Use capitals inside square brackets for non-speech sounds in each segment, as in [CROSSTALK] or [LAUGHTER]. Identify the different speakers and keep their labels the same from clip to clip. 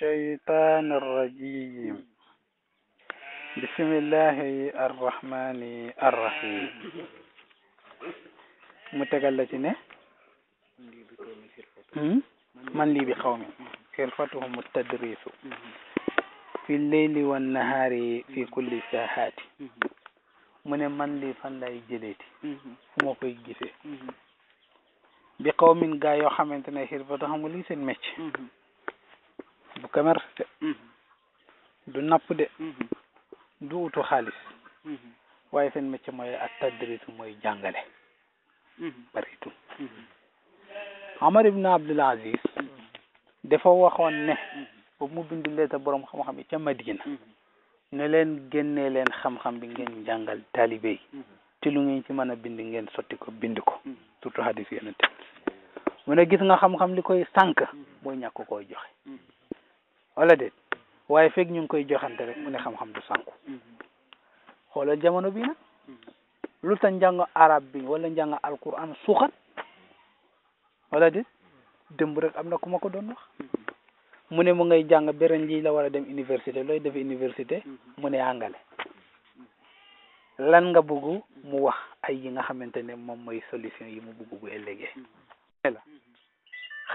Speaker 1: الشيطان الرجيم بسم الله الرحمن الرحيم متقلتنا من لي بقوم خلفتهم التدريس في الليل والنهار في كل ساحات من من لي فان لاي جليتي فما كوي غيسه بقوم غا يو خامتene خلفتهم لي سن ميتش bu commerce de mhm. du napp de mhm. du utu xaalis mhm. waaye seen métier mooy ak tadrisu mooy jàngale baritu Amar ibn Abdul Aziz dafa waxoon ne boobu mu bind leeta boroom xam-xam yi ca Madina ne leen génnee xam-xam bi ngeen jàngal taalibe yi te lu ci mën a bind ngeen sotti ko bind ko surtout hadis yonente mu ne gis nga xam-xam li koy sànk mooy ñàkk koo joxe wala déet waaye fekk ñu ngi koy joxante rek mu ne xam-xam du sànku xoolal jamono bii nag lu tax njàng arab bi wala njàng alquran suuxat wala déet dëmb rek am na ku ma ko doon wax mu ne mu ngay jàng beneen lii la war dem université looy defe université mu ne àngale lan nga buggu mu wax ay yi nga xamante ne moom mooy solution yi mu bëgg bu ëllëgee la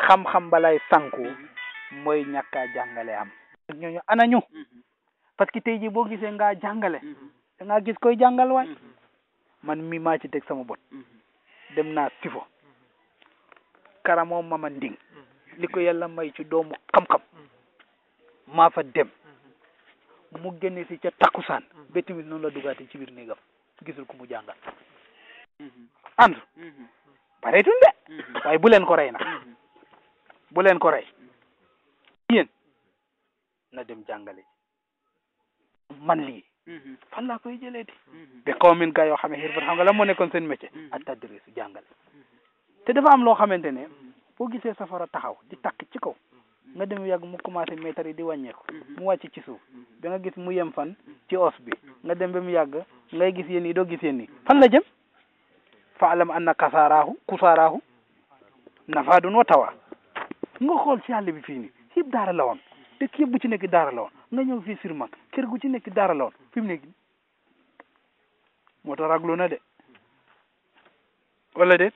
Speaker 1: xam-xam balay sànku mooy ñàkk jàngale am ñooñu anañu mm-hmm. parce que tey ji boo gisee ngaa jàngale mm-hmm. da ngaa gis koy jàngal waay mm-hmm. man mi maa ci teg sama bot dem naa sifo karamoo mama nding li ko yàlla may ci doomu xam-xam maa fa dem mu génne si ca takkusaan ba tamit noonu la dugaate ci biir néegam gisul ku mu
Speaker 2: jàngal and pareetul de waaye bu leen ko rey na
Speaker 1: bu leen ko rey yéen na dem jàngale man lii mhm. fan laa koy jëlee di mhm. ba kaw min yoo xam ne xirfat xam nga la moo nekkoon seen métier mhm. ak tadris jàngale te dafa am loo xamante ne boo gisee safara taxaw di takk ci ko nga dem yàgg mu commencé mètre yi di wàññeeku mu wàcc ci suuf danga gis mu yem fan ci os bi nga dem ba mu yàgg ngay gis yéen yi doo gis yéen yi fan la jëm fa alam anna kasaaraahu kusaaraahu nafaadun wa tawa nga xool ci àll bi fii nii yëpp daara la woon dëkk yëpp bu ci nekk daara la woon nga ñëw fii sur mag kër gu ci nekk daara la woon mu nekk moo tax na de wala de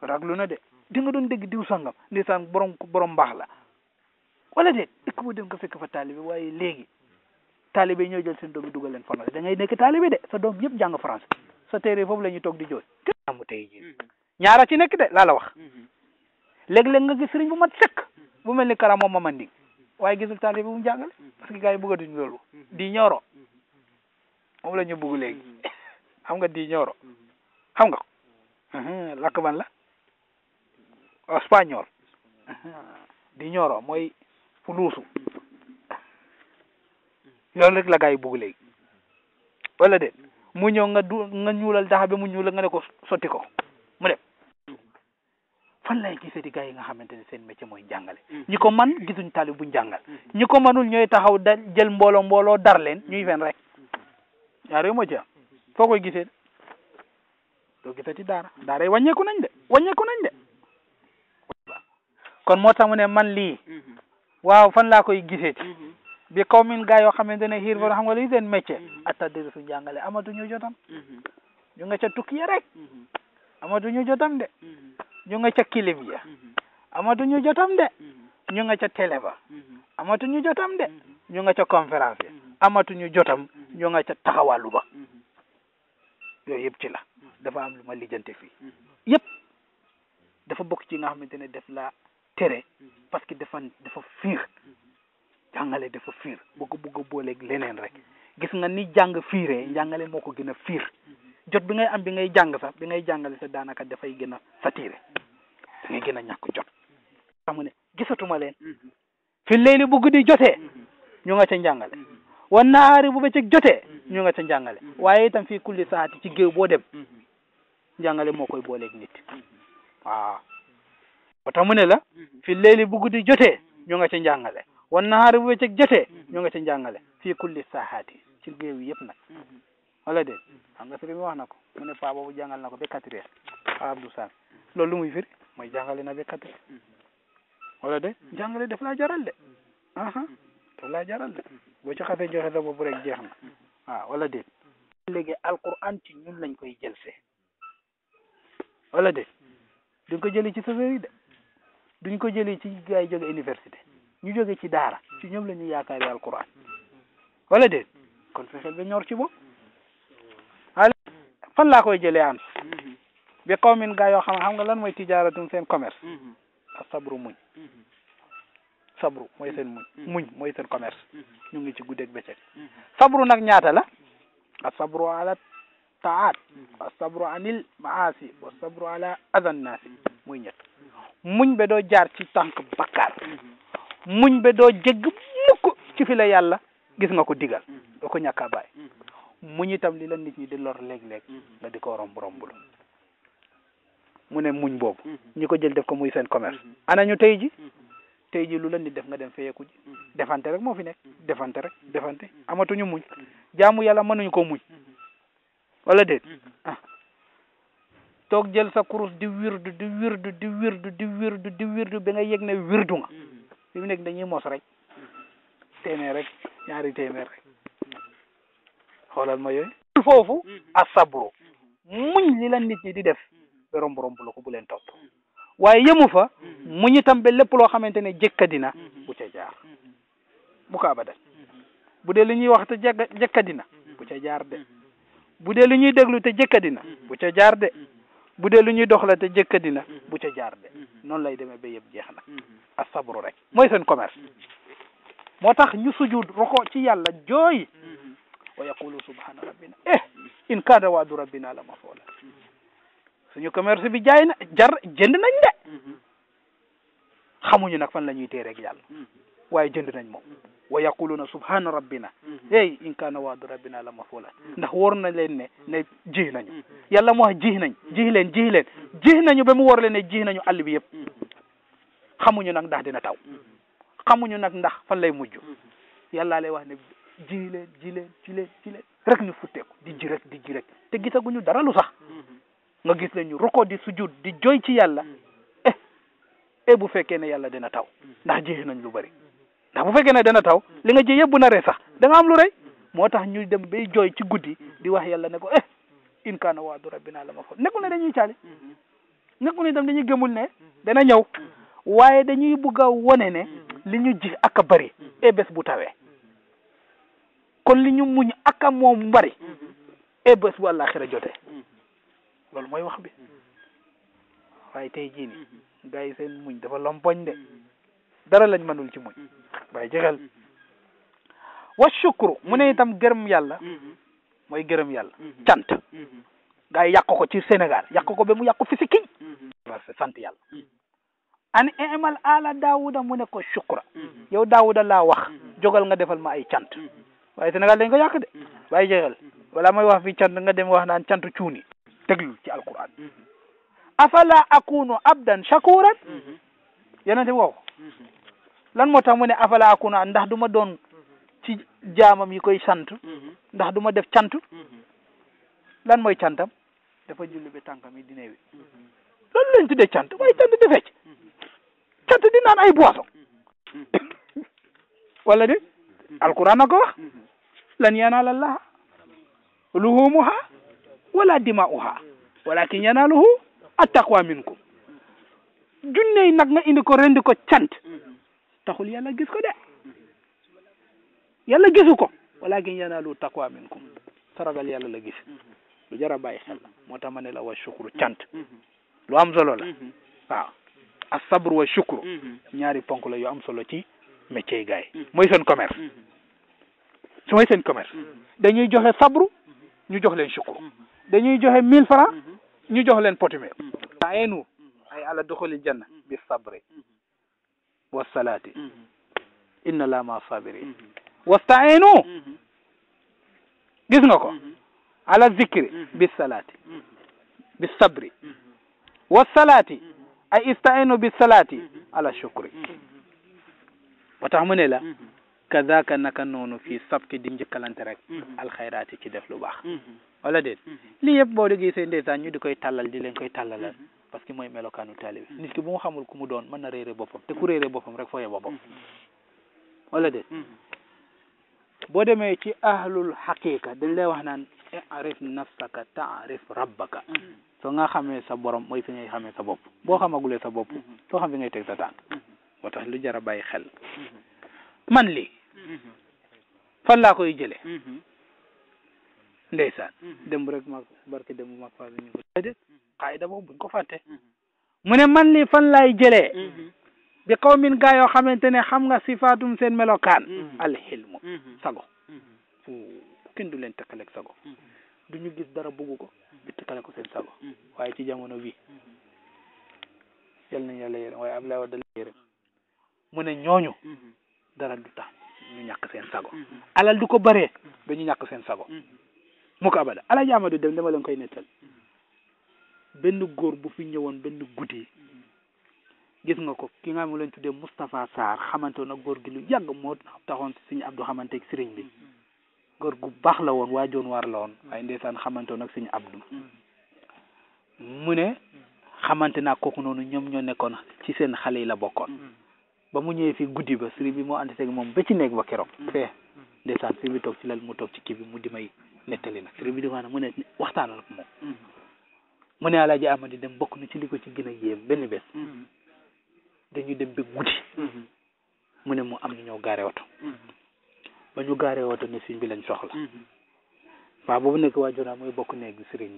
Speaker 1: raglu na de di nga doon dégg diw sangam ndeysaan borom borom mbaax la wala de dëkk boo dem nga fekk fa taalibe waaye léegi taalibe ñoo jël seen doom yi dugal leen français da ngay nekk taalibe de sa doom yëpp jàng français sa téere foofu la ñuy toog di jooy te amu tey ji mm-hmm. ci nekk de laa la wax mm-hmm. léeg-léeg nga gis bu mat sëkk bu mel ni kara moom ma waaye gisul taalibe mu jàngale parce que gars yi bëggatuñ loolu di ñooro moom la ñu bëgg xam nga di ñooro xam nga lakk ban la espagnol oh, di ñooro mooy fuluusu loolu rek la gars yi bëgg léegi de mu ñëw nga du nga ñuulal daxa bi mu ñuulal nga ne ko sotti ko fan lay gisee di gars yi nga xamante ni seen métier mooy jàngale mm. ñi ko man gisuñ taalib bu jàngal mm. ñi ko manul ñooy taxaw da jël mbooloo mbooloo dar leen ñuy fen rek ñaar yooyu moo ko am foo koy gisee doo gisati daara daara yi wàññeeku nañ de wàññeeku nañ de kon moo tax ne man lii mm-hmm. waaw fan laa koy giseeti mm-hmm. bi kaw min gaa yoo xamante ne xiir fan mm-hmm. xam nga lii seen métier attadiri su jàngale amatuñu jotam ñu nga ca tukki ya rek amatuñu jotam de ñu nga ca kilim ya mm-hmm. amatuñu jotam de mm-hmm. ñu nga ca télé ba mm-hmm. amatuñu jotam de ñu nga ca conférence ya amatuñu jotam ñu nga ca taxawalu ba yooyu yëpp ci la dafa am lu ma lijjante fii yëpp dafa bokk ci nga xamante ne def laa tere parce que dafa dafa fiir jàngale dafa fiir boo ko boole a leneen rek gis nga ni jàng fiiree njàngale moo ko gën a fiir jot bi ngay am bi ngay jàng sax bi ngay jàngale sax daanaka dafay gën a satire da ngay gën ñàkk jot xam nga ne gisatuma leen mm-hmm. fi léegi bu guddi jotee mm-hmm. ñu nga ca njàngale mm-hmm. wan nahaari bu bëccëg jotee ñu nga ca njàngale waaye itam fi kulli saati ci géew boo dem njàngale moo koy booleeg nit waaw ba mu ne la fi léegi bu guddi jotee ñu nga ca njàngale wan nahaari bu bëccëg jotee ñu nga ca njàngale fii kulli saati ci géew yëpp nag wala déet xam nga sëriñ bi wax na ko mu ne paa boobu jàngal na ko ba quatre heures paa Abdou loolu lu muy firi mooy jàngale na ba quatre heures wala déet jàngale daf laa jaral de aha daf laa jaral de boo ci xasee joxe sa bopp rek jeex na waaw wala déet léegi alquran ci ñun lañ koy jëlsee wala déet duñ ko jëlee ci safari de duñ ko jëlee ci gars yi jóge université ñu jóge ci daara ci ñoom la ñuy yaakaari alquran wala déet kon fexeel ñor ci bopp fan laa koy jëlee an mm-hmm. bi qawmin gaa yoo xam xam nga lan mooy tijaaratum seen commerce mm-hmm. sabru muñ mm-hmm. sabru mooy seen muñ muñ mooy seen commerce ñu ngi ci guddeeg bëccëg sabru nag ñaata la asabru ala taat asabru anil maasi sabru ala adan naasi muy muñ be doo jaar ci tànk bakkaar muñ be doo jégg mukk ci yàlla gis nga ko digal doo ko ñàkk muñ itam li la nit ñi di lor léeg-léeg mhm. nga di ko romb romb lu mu ne muñ boobu mhm. ñu ko jël def ko muy seen commerce mhm. ana ñu tey ji tey ji lu la nit def nga dem feyeku ji defante rek moo fi nekk defante rek defante amatuñu muñ jaamu yàlla mënuñu ko muñ wala déet ah toog jël sa kurus di wirdu di wirdu di wirdu di wirdu di wirdu bi nga yëg wirdu nga fi mu nekk dañuy mos rek téeméer rek ñaari téeméer rek xoolal ma yooyu foofu mhm. asabru mhm. muñ li la nit ñi di def ba mhm. romb romb la ko bu leen topp waaye yemu fa mu muñ tam be lépp loo xamante ne jëkkadina bu ca jaar bu ko abadan bu dee li ñuy wax te jëkkadina bu ca jaar de bu lu ñuy déglu te jëkkadina bu ca jaar de bu dee lu ñuy dox doxla te dina bu ca jaar de noonu lay deme ba yëpp jeex na asabru rek mooy seen commerce moo tax ñu sujud roko ci yàlla jooy wa yaqulu subhana rabbina eh in kaana waadu rabbina la mafoola suñu commerce bi jaay na jar jënd nañ de xamuñu nag fan la ñuy téereeg yàlla waaye jënd nañ moom wa yaquluna subhana rabbina hey eh, in kaana waadu rabbina la mafoola ndax wóor na leen ne ne jih nañu yàlla moo wax jih nañ jih leen jih leen jih nañu ba mu wóor leen ne nañu àll bi xamuñu nag ndax dina taw fan lay mujj yàlla lay wax ne ji leen ji leen ji leen ji leen rek ñu futteeku di ji rek di ji rek te gisaguñu dara lu sax mhm. nga gis leen ñu rukoo di sujud di jooy ci yàlla mhm. eh eh bu fekkee ne yàlla dina taw mhm. ndax jiyee nañ lu bëri ndax bu fekkee ne dina taw li nga ji yëpp bu naree sax da am lu rey moo tax ñu dem bay jooy ci guddi di wax yàlla ne ko eh in kaana waadu rabbina la ma fa nekkul na dañuy caali nekkul ne tam dañuy gëmul ne dana ñëw waaye dañuy bugg a wone ne li ñu ji ak a e bés bu tawee kon li ñu muñ ak moom bari mhm. e bés bu àllaaxira mhm. loolu mooy wax bi mhm. waaye tey jii ni gars yi seen muñ dafa lompoñ de dara lañ mënul ci muñ waaye jëxel wa shukru mu ne itam gërëm yàlla mooy gërëm yàlla cant gars yi yàq ko ci Sénégal yàq ko ba mu yàq fi sant yàlla an imal ala daawuda mu ne ko shukra yow daawuda laa wax jógal nga defal ma ay cant waaye Sénégal dañ ko yàq de bàyyi jeexal wala mooy wax fi cant nga dem wax naan cantu cuuni teglul ci alquran afala akunu abdan shakuran yeneen te wow lan moo tax ne afala akunu ndax du ma doon ci jaamam yi koy sant ndax du def cant lan mooy cantam dafa julli bi tànkam yi dina wi loolu lañ tuddee cant waaye cant di fecc cant di naan ay boisson [COUGHS] wala de alquran a ko wax mhm. lan yanaala llaha luhumuha wala dima'uha walakin yanaluhu attaqwa minkum junney nag nga indi ko rendi ko cant mhm. taxul yàlla gis ko de yàlla gisu ko walakin yanalu taqwa minkum saragal yàlla la gis mhm. lu jar a bàyyi xel moo tax ma ne la wa shukru cant lu am solo la waaw asabru wa shukru ñaari ponk la yu am solo ci métier gaay mooy seen commerce su mooy seen commerce dañuy joxe sabru ñu jox leen sukkur dañuy joxe mille francs ñu jox leen potimer taayenu ay ala doxali janna bi sabri wa salaati inna laa ma sabirin wastaayenu gis nga ko ala zikri bi salaati bi sabri wa salaati ay istaayenu bi salaati ala shukri wa tax mu ne la kazaka naka noonu fii sabki di njëkkalante rek mhm. alxayraati ci def lu baax mhm. wala déet mhm. lii yëpp boo gisee ndeysaan ñu di koy tàllal di leen koy tàllalal parce que mooy melokaanu taalibe nit ki bu mu xamul ku mu doon mën na réere boppam te ku réere boppam rek fooyee boppam wala déet boo demee ci ahlul xaqiqa dañ lay wax naan arif nafsaka taarif rabbaka soo nga xamee sa borom mooy fi ngay xamee sa bopp boo xamagulee sa bopp soo xam fi ngay teg sa tànk moo tax lu jar a bàyyi xel Mm-hmm. fan laa koy jëlee mm-hmm. ndeysaan mm-hmm. démb rek maag barke démb maag faa bi ñu ko déedéet da boobu buñ ko fàtte mu ne man li fan laay jëlee bi xaw min gaa yoo xamante ne xam nga sifaatum seen melokaan alxilmu sago kenn du leen tëkkaleeg sago du ñu gis dara bugg ko bi tëkkale ko seen sago waaye ci jamono bi yal nañ yàlla yërëm waaye Ablaye Wade la yërëm mu ne ñooñu dara du tax ñu ñàkk seen sago mm-hmm. alal du ko baree dañu mm-hmm. ñàkk seen sago mm-hmm. mu ko abada ala jaamadu dem dama leen koy nettal benn góor bu fi ñëwoon benn guddi gis nga ko ki nga xam lañ tuddee Moustapha Sarr xamante woon ak góor gi lu yàgg moo taxoon Sëriñ Abdou xamante ak sëriñ bi góor gu baax la woon waa joon waar la woon waaye ndeysaan xamante woon ak Sëriñ Abdou mu ne xamante naa kooku noonu ñoom ñoo nekkoon ci seen xale yi la bokkoon ba mu ñëwee fii guddi ba sëriñ bi moo ànd seeg moom ba ci néeg ba keroog mm-hmm. fee ndeysaan sëriñ bi toog ci lal mu toog ci kii bi mu di may nettali nag sëriñ bi di wax ne mu ne waxtaanal ko moom mm-hmm. mu ne alaaji dem bokk ci li ci gën a yéem mm-hmm. dem ba guddi am na ñoo gaare oto ba ñu gaare oto ne sëriñ bi lañ soxla waaw boobu nekk waa Jona mooy bokk néeg bi sëriñ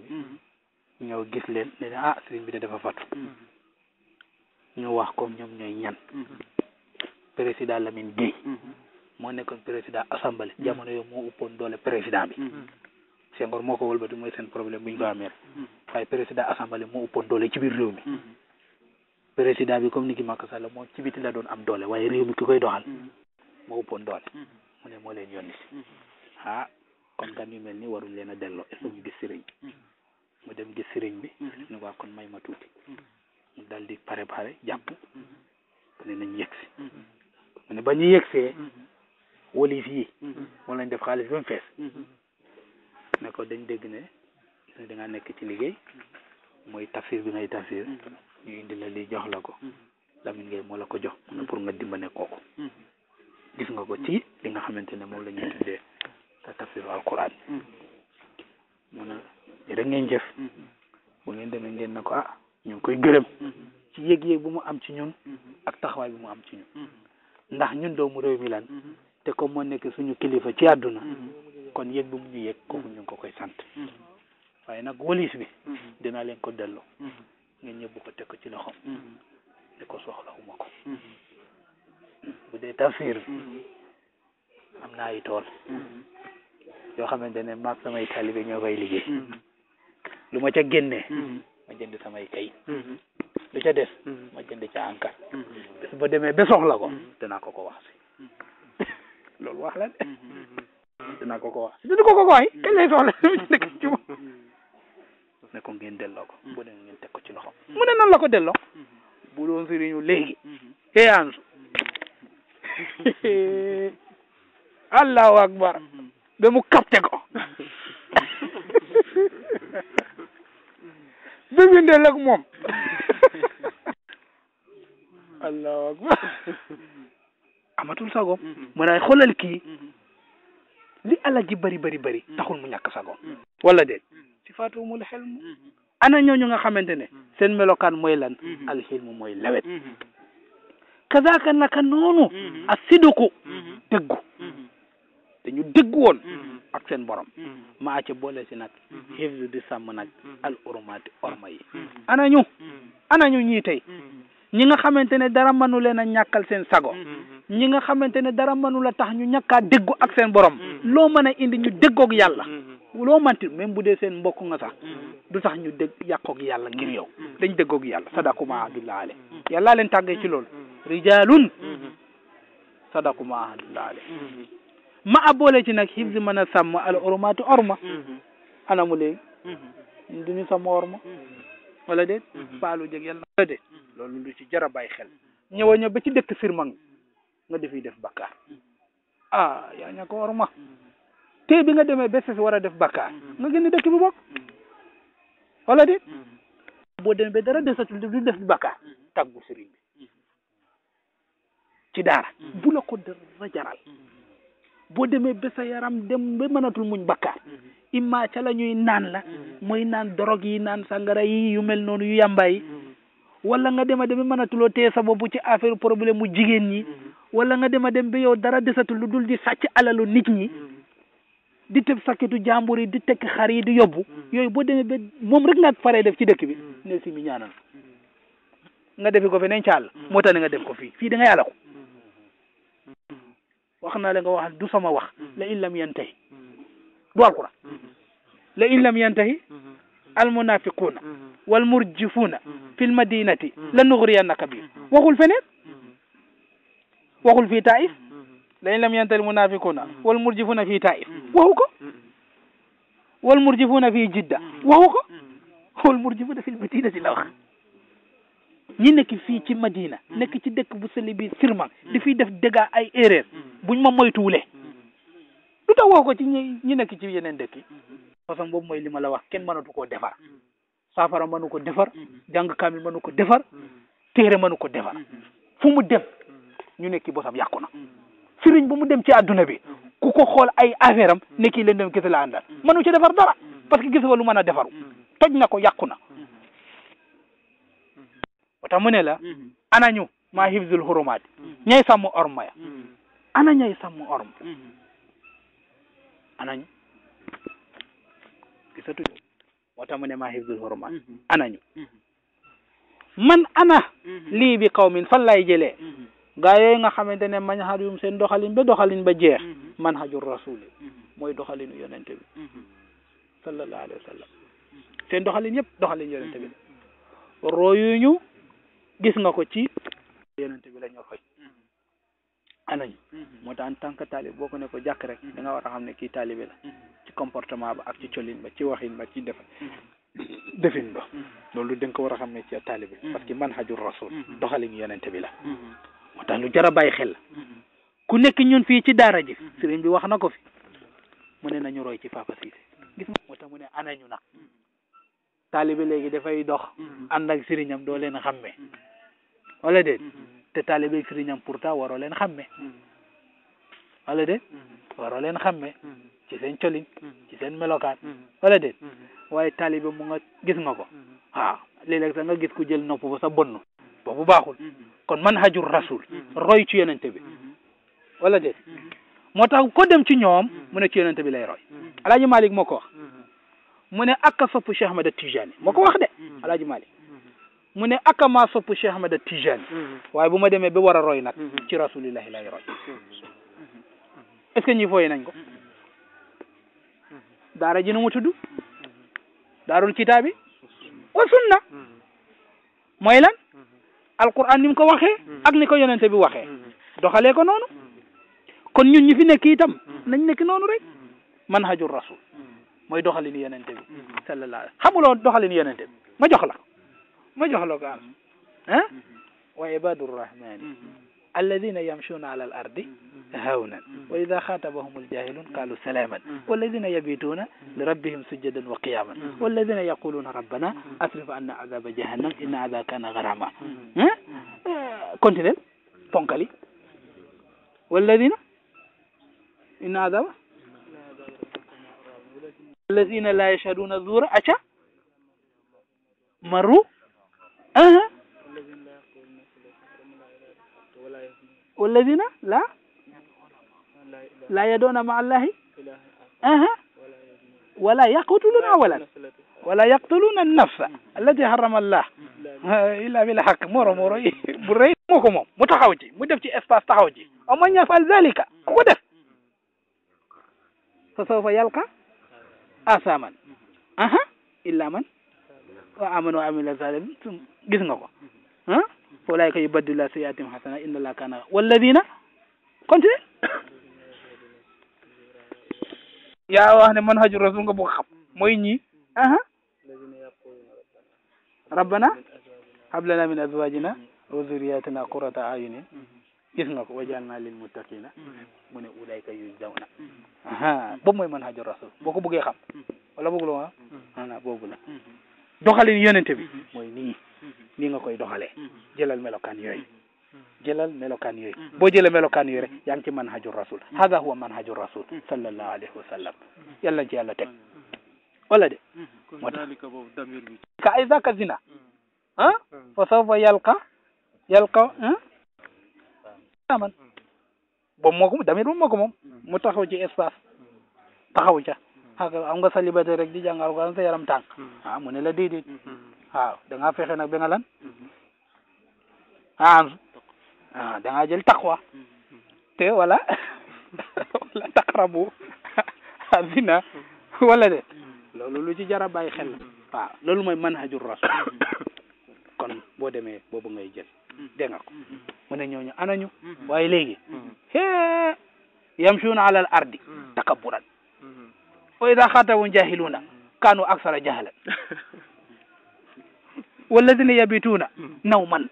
Speaker 1: bi ñëw gis leen ne ah sëriñ bi de dafa fatu ñu wax comme ñoom ñooy ñan président Lamine Guèye mm-hmm. moo nekkoon président assemblée mm-hmm. jamono yooyu moo uppoon doole président bi mm-hmm. Senghor moo ko wëlbati mooy seen problème bu ñu ko amee waaye président assemblée moo uppoon doole ci biir réew mi président bi comme ni ki Macky Sall moo ci biti la doon am doole waaye réew mi ki koy doxal moo uppoon doole mu ne moo leen yónni si ah comme gan yu mel ni waruñ leen a delloo il faut ñu gis sëriñ bi mu dem gis sëriñ bi ñu waa kon may ma tuuti daal di pare pare jàpp
Speaker 2: mu
Speaker 1: mu ne ba ñu yegsee wolif mhm. yi mhm. moom lañ def xaalis ba mu fees mhm. ne dañ dégg ne ne da ngaa nekk ci liggéey mooy tafsir bi ngay tafsir ñu indi la li jox la ko Lamine Gueye moo la ko jox mu ne pour nga dimbale kooku gis nga ko ci li nga xamante ne moom lañu ñuy tuddee te tafsiru mu ne jërë ngeen jëf bu ngeen demee ngeen ne ko ah ñu koy gërëm ci yëg-yëg bu mu am ci ñun ak taxawaay bi mu am ci ñun ndax ñun doomu réew mi lan mhm. te ko moo nekk suñu kilifa ci àdduna
Speaker 2: mhm.
Speaker 1: kon yëg bu mu ñu yëg kooku ñu ngi ko koy sant mhm. waaye nag walis bi dinaa leen ko dellu ngeen ñëpp ko teg ko ci loxo ne ko soxlawuma ko bu dee tafsir am na ay tool yoo xamante ne maag samay taalibe ñoo koy liggéey lu ma ca génnee ma jënd samay kayit ca des ma jënd ca ANCAR bés ba ko wax la de dinaa mm-hmm. mm-hmm. ko ko ko ko ko ay kañ lay soxla [LAUGHS] nekk mm-hmm. ne ko ngeen delloo ko teg ko ci loxo mu ne noonu la bu doon sëriñu léegi hee ansu [LAUGHS] allahu akbar ba mu capté ko
Speaker 2: [LAUGHS]
Speaker 1: bébindeel ak moom allahu akbar amatul sagoom mm-hmm. mën naa xoolal kii mm-hmm. li alal ji bëri bëri bari mm-hmm. taxul mu ñàkk sagoom wala déet si faatuwumul xel mu ana ñooñu nga xamante ne seen melokaan mooy lan alxilmu mooy lewet kazaaka naka noonu a siduku dëggu dañu dëgg woon ak seen borom maa ca boole si nag xifse di sàmm nag al urmaati orma yi ana ñu ana ñu ñii tey ñi nga xamante ne dara mënu a ñàkkal seen sago ñi nga xamante ne dara a tax ñu ñàkkaa déggu ak seen borom mm-hmm. loo mën a indi ñu déggoog yàlla mm-hmm. loo manti même bu dee seen mbokk nga sax mm-hmm. du tax ñu dégg yàqoog yàlla ngir yow dañ déggoog yàlla sadakuma ahadullah ale yàllaa leen tàggee ci loolu rijalun sadakuma ahadullah ale ma aboole ci nag xibsi mën a sàmm al orma anamu léegi duñu sàmm orma wala de paalu jeg yàlla wala loolu lu ci jar a xel ñëwoon ñëw ba ci dëkk sirmang nga defi def bakkaar mm-hmm. ah yaa ña ko waruma mm-hmm. tey bi nga demee ba ses war a def bakkaar mm-hmm. nga génn dëkk bi bokk wala déet boo demee dara desatul du def bakkaar tàggu sëriñ bi ci daara bu la ko dara jaral boo demee ba sa yaram dem ba mënatul muñ bakkaar imma ca la ñuy naan la mooy naan dorog yi naan sangara yi yu mel noonu yu yàmba yi wala nga dem a dem mënatuloo téye sa bopp ci affaire problème mu jigéen ñi mm-hmm. wala nga dem a dem ba yow dara desatul lu dul di sàcc alalu nit ñi mm-hmm. di tëb sakkitu jàmbur yi di tekk xar yi di yóbbu mm-hmm. yooyu boo demee moom rek nga faree def ci dëkk bi ne si mi ñaanal nga defi ko feneen caal moo tax ne nga def ko fii fii da nga yàlla ko wax naa la nga wax du sama wax la in lam yantahi du alquran la in lam yantahi almunafiquuna wal murjifuuna fi lmadinati la nugriyannaka bi waxul feneen waxul fii taif la in lam yantahi almunafiquuna wal murjifuuna fii taif waxu ko wal jidda waxu ko fi la wax ñi nekk fii ci Madina nekk ci dëkk bu seli bi sirma di fi def dégâts ay erreur buñ ma moytuwule lu tax wax ñi nekk ci yeneen dëkk façon boobu mooy li ma la wax kenn mënatu koo defar mm-hmm. saafara mënu ko defar mm-hmm. jàng kaamil mënu ko defar mm-hmm. téere mënu ko defar fu mu dem ñu nekki bosam yàqu na bu mu dem ci àdduna bi ku ko xool ay affaire am nekki leen dem gis la àndal mënu ci defar dara parce que gis nga lu mën a defaru toj na ko yàqu na ba mu ne la anañu maa hifzul hurumaat ñay sàmm orma ya ana ñay sàmm orma anañu gisatuñu moo tax mu ne maa xifdul xurumaat mm-hmm. anañu mm-hmm. man ana mm-hmm. lii bi qawmin fan lay jëlee gaa yooyu nga xamante ne mañ xajum seen doxalin ba doxalin ba jeex man xajul rasuli mooy doxalinu yonente bi sallallahu alayhi wa sallam seen doxalin yëpp doxalin yonente bi royuñu gis nga ko ci yonente bi la ñoo anañ mm-hmm. moo tax en tant que taalib boo ko ne ko jàkk rek mm-hmm. da nga war a xam ne kii taalibe la mm-hmm. ci comportement ba ak ci colin ba ci waxin ba ci def defin ba loolu da ko war a xam ne ci taalibe parce que man hajur rasul doxalin yonente bi la moo tax lu jar a bàyyi xel ku nekk ñun fii ci daara ji sëriñ bi wax na ko fi mu ne nañu roy ci Papa Cissé gis nga moo tax mu ne anañu nag taalibe léegi dafay dox ànd ak sëriñam doo leen xàmmee wala déet te taalibeeg sëriñam pourtant waroo leen xàmme mm-hmm. wala déet mm-hmm. waroo leen xàmme mm-hmm. ci seen colin ci seen melokaan wala déet waaye taalibe mu nga gis nga ko waaw ah, léeg-léeg sax nga gis ku jël nopp ba sa bonn boobu baaxul kon man hajur rasul roy ci yonente bi wala déet moo tax ko dem ci ñoom mu ne ci yonente bi lay roy alaaji malik moo ko wax mu ne ak a sopp Cheikh Ahmed Tijani moo ko wax de alaaji malik mu ne ak maa sopp Cheikh Ahmada Tijani mm-hmm. waaye bu ma demee ba war a roy nag mm-hmm. ci rasulillahi lay roy
Speaker 2: mm-hmm. est-ce
Speaker 1: que ñi fooye nañ ko daara ji nu mu tudd daarul kitaabi wa sunna mooy lan alquran ni mu ko waxee ak ni ko yonente bi waxee doxalee ko noonu kon ñun ñi fi nekk itam nañ nekk noonu rek manhajur rasul mooy doxalin yonente bi sallallahu alayhi doxalin yonente bi ma jox la ما جهلوا قال ها وعباد الرحمن الذين يمشون على الأرض هونا وإذا خاطبهم الجاهلون قالوا سلاما والذين يبيتون لربهم سجدا وقياما والذين يقولون ربنا أصرف عنا عذاب جهنم إن عذاب كان غراما كنت ذل تنقلي والذين إن عذاب الذين لا يشهدون الزور أشا مروا أه. والذين لا لا يدون مع الله أه. ولا يقتلون أولا ولا يقتلون النفس التي حرم الله إلا بالحق مورو مورو [LAUGHS] بري موكو مو تخاوجي مو دف اسباس تخاوجي ومن يفعل ذلك كوكو دف فسوف يلقى آثاما أها إلا من wa amanu wa amilu salihin gis nga ko ah ulaika yubaddilu sayyiatihim hasana inna allaha kana walladina continue yaa wax ne manhaju rasul nga bëgg xam mooy ñi aha rabbana hab lana min azwajina wa zurriyatina qurrata ayunin gis nga ko wajalna lil muttaqina mu ne ulaika yujzawna aha boobu mooy manhaju rasul boo ko bëggee xam wala bëgg ah? mm-hmm. la wala mm-hmm. boobu doxalin yonente bi mhm. mooy nii nii mhm. nga koy e doxalee mhm. jëlal melokaan yooyu jëlal melokaan yooyu boo jëlee melokaan yooyu rek yaa ngi ci manhaju rasul hada huwa manhaju rasul sallallahu alayhi wa sallam yàlla ci yàlla teg wala de
Speaker 2: moo tax ka
Speaker 1: ay zaka zina ah fa sawfa yalqa yalqa ah aman boobu moo ko damir moom moo ko moom mu taxaw ci espace taxaw ca ak am nga sa liberté rek di jàng alxuraan sa yaram tàng hmm. ah mu ne la déedéet hmm, hmm. waaw da ngaa fexe nag ba nga lan ah ah jël taqwa te wala [LAUGHS] wala [LAUGHS] lu ci jara bàyyi xel loolu mooy manhajur rasul kon boo demee boobu ngay jël dégg nga mu ne ñooñu anañu waaye léegi hee yamshuuna ala al ardi takabburan wa ida xaatabum jahiluna kaanu aksara jahlan [LAUGHS] walladina yabituuna hmm. nawman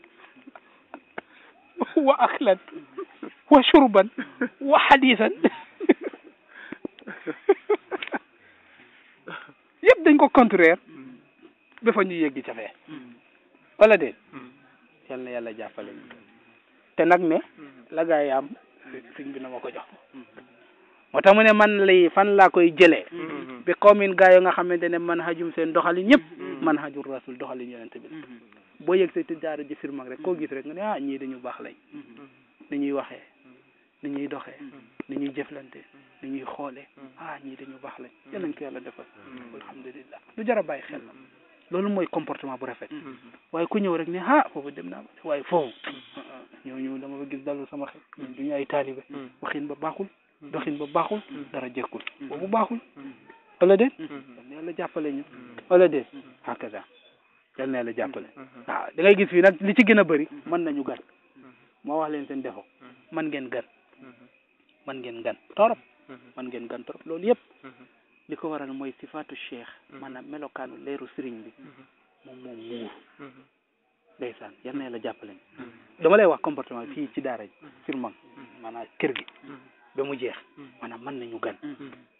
Speaker 1: [LAUGHS] wa aklan [LAUGHS] wa shurban wa hadisan yëpp dañ ko contraire hmm. ba fa ñu yëggi hmm. wala déet yal na jàppale te nag ne la gaa yi am ma ko jox moo tax mu ne man lay fan laa koy jëlee mm-hmm. bi commune gaa yo nga xamante ne man hajum seen doxalin ñëpp man mm-hmm. hajur rasul doxalin yonente
Speaker 2: bi mm-hmm.
Speaker 1: boo yëg see ci daara ji sir mag rek koo gis rek nga ne ah ñii dañu baax lañ ni ñuy waxee ni ñuy doxee ni ñuy jëflante ni ñuy xoolee ah ñii dañu baax lañ yal nañ ko yàlla defal alhamdulillah lu jar a bàyyi xel loolu mooy comportement bu rafet waaye ku ñëw rek ne ah foofu dem naa waaye foofu ñëw ah, ah, ñëw dama ba gis dalul sama xel duñu ay taalibe waxin ba baaxul Mm-hmm. doxin ba baaxul mm-hmm. dara jëkkul mm-hmm. boobu baaxul wala déet yal na yàlla jàppale ñu wala déet hakaza yal na yàlla jàppale waaw da ngay gis fii li ci gën a bëri mën nañu gan moo wax leen seen defo man ngeen gan man ngeen gan torop man ngeen gan loolu yëpp li ko waral mooy sifaatu cheikh maanaam melokaanu leeru sëriñ bi
Speaker 2: moom moom muur
Speaker 1: ndeysaan yal na yàlla jàppale dama lay wax comportement fii ci daara ji sur man maanaam kër gi ba mu jeex mm-hmm. maanaam mën nañu gan mm-hmm.